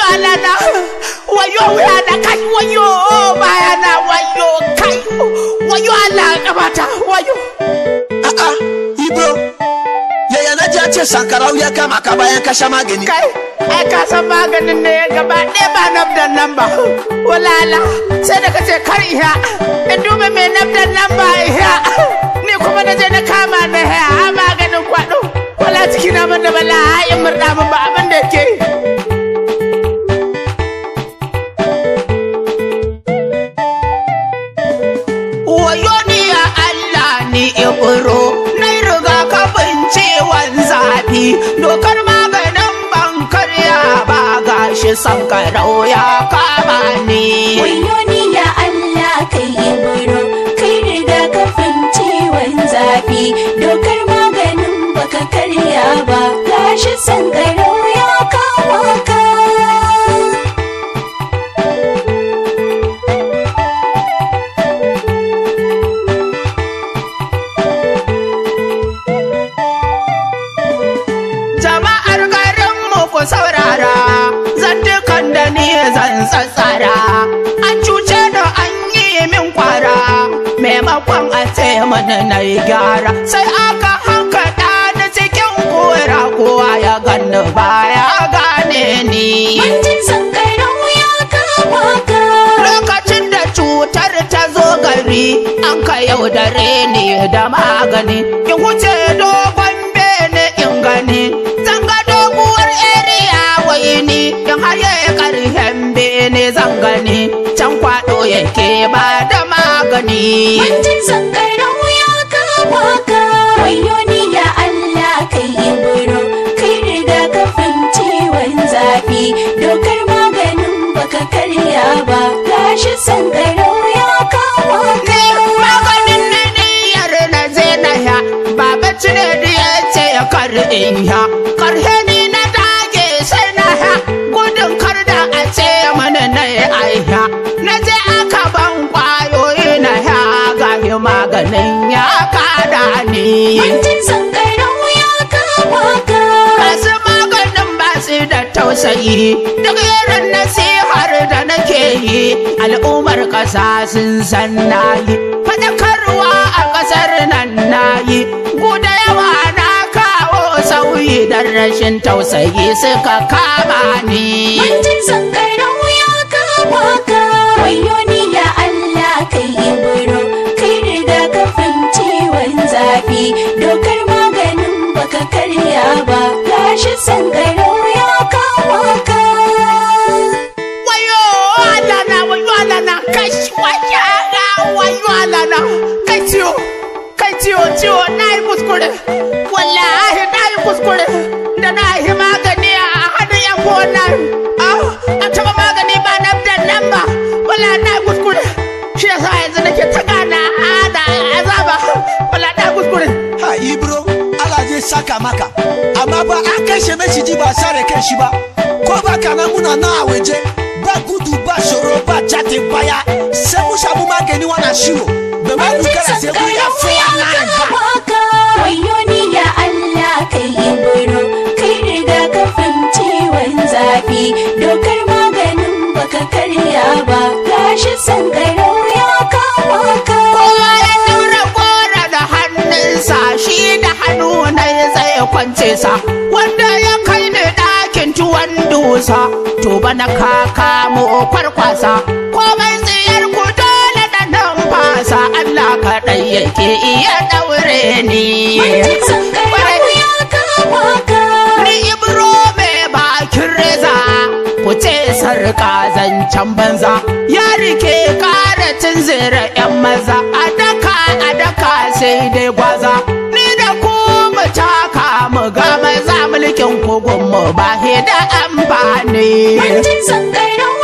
wayo alana wayo wuyana kai wayo bayana wayo kai wayo ala kabata wayo a ibro yaya na ji ce sankarau ya kama ka bayan ka sha magani kai ai ka san maganin ne gaba ɗaya ba nab da nan ba walala sai da ka ce kar iya in mai nan ba iya ni kuma ibro na riga kafin ciwon zafi dokar maganin bankar ya ba gashi sankarau ya ka ni zan tsatsara an cuce da an yi min kwara maimakon a ce mana na yi gyara sai aka hankaɗa da cikin kura kowa ya ganni baya gane ni manjin sankarau ya kama ka lokacin da cutar ta zo gari an ka yaudare ni da magani ki huce dogon bene in gani faɗi wancan sankaran ya kama ka wayo ni ya Allah kai ibro kai riga kafin ciwon zafi dokar maganin baka karya ba gashi sankaran ya kama ka maganin da diyar na zai na ya baba cire ya ce ya kar ya maganin ya kada ni Wancan sankarau ya kama ka Kasu maganin ba su da tausayi Duk irin nasihar da nake yi Al'ummar ƙasa sun san nayi Faɗakarwa a ƙasar nan nayi Guda yawa na kawo sauyi don rashin tausayi suka kama ni wannan au ah, an taba magani ba nan da nan ba wala na kuskure shi yasa yanzu nake ta gana ada azaba wala na kuskure ha ibro Allah zai saka maka amma ba an kashe maciji ba sare kan shi ba ko ba kana muna na a waje ba gudu ba shoro ba jatin baya sai mu samu magani wannan shiro da mai dukara sai mu ya fuya nan ba kwance sa wanda ya kai ne ɗakin tuwon dusa to bana ka kamo kwarkwasa komai tsayar ku dole da nan fasa Allah kaɗai yake iya ɗaure ni ibro mai bakin reza ku sarka zancen banza ya rike cin zira 'yan maza dogon ba he da amfani. Mun jin san kai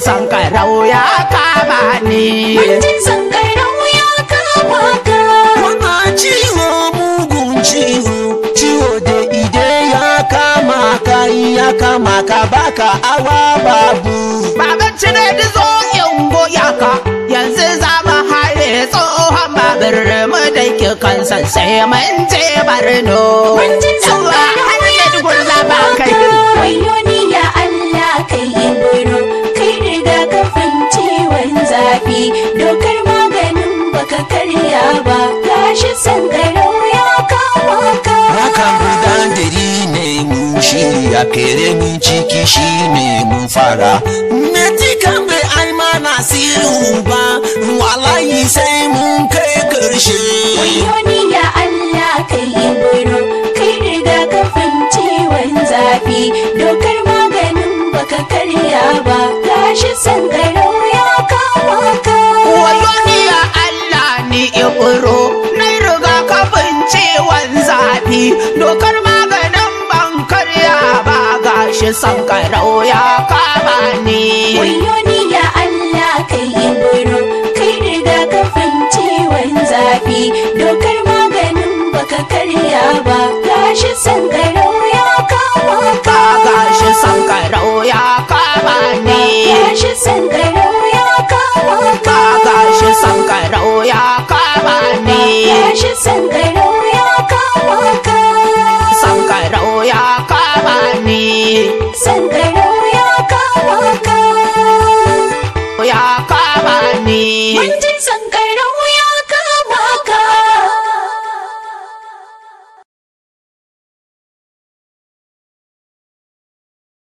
sankarau ya kama ni Wanjin sankarau ya kama ka Wannan ciwo mugun ciwo ciwo da ide ya kama ka ya kama ka baka awa babu Baban cire da zo yango yaka yanzu za mu hare tsohon babir mu da ke kansa sai mun je Barno Wanjin sankarau da feremin ciki shi ne mun fara kan bai ai mana siru ba walayi sai mun kai karshe wayoni ya Allah kai ibro kai riga kafin ciwon zafi dokar maganin baka karya ba gashi sangarau ya kawo ka wayoni ya Allah ni ibro na riga kafin ciwon sankarau ya kama ni wayo ni ya Allah kai ibro kai riga kafin ciwon zafi dokar maganin baka karya ba gashi sankarau